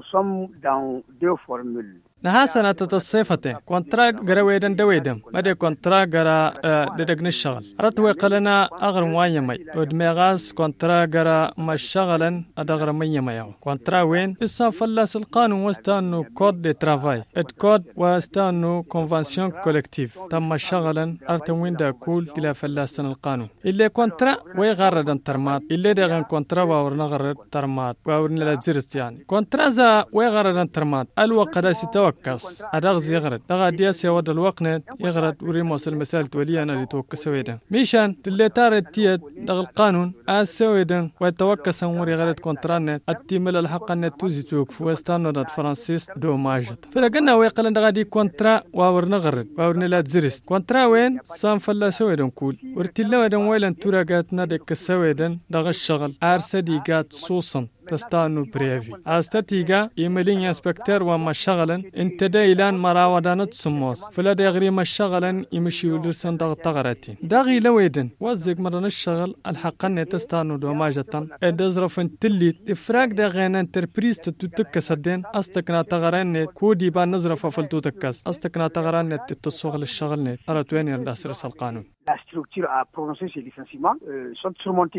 nous sommes dans deux formules. نهاسنا تتصيفته كونترا غرا ويدن دويدم مدي كونترا غرا آه، ددغن الشغل رت ويقلنا اغر مواني مي ودميغاس كونترا غرا ما شغلا ادغر مي مي كونترا وين اسا فلاس القانون واستانو كود دي ترافاي ات كود واستانو كونفانسيون كولكتيف تم شغلا ارت وين دا كول كلا فلاسن القانون اللي كونترا ويغردن ترمات اللي دغن كونترا واورنا غرد ترمات واورنا لا يعني كونترا زا ويغردن ترمات الوقت سيتوا توكس أدغز يغرد دغا دياس يود الوقنت يغرد وريموس المثال توليا أنا اللي توك سويدا ميشان تلي تارت تيت دغ القانون آس سويدا ويتوكس أموري غرد كونترانت التيمل الحق أن توزي توك فوستان دات فرانسيس دو ماجت فلقنا ويقلن دغا دي كونترا واور نغرد واور نلات زرست كونترا وين سان فلا سويدا كول ورتي ورتلا ويدن ويلن توراقاتنا دك سويدا دغ الشغل آرسدي قات سوسن استانو بريفي أستاتيغا إيميلين إنسبكتر وما شغلا انت دايلان مراودانت سموس فلا داغري ما شغلا يمشي يدرسن داغ تغراتين داغي لويدن وزيك مرن الشغل الحقن تستانو دوماجة ادزرف تلي افراق داغين انتربريز تتكسدين أستكنا تغران كودي بان نزرف فلتو تكس أستكنا تغران تتصوغ للشغل أرتوين الأسرس القانون La structure à prononcer ces licenciements euh, sont surmontées.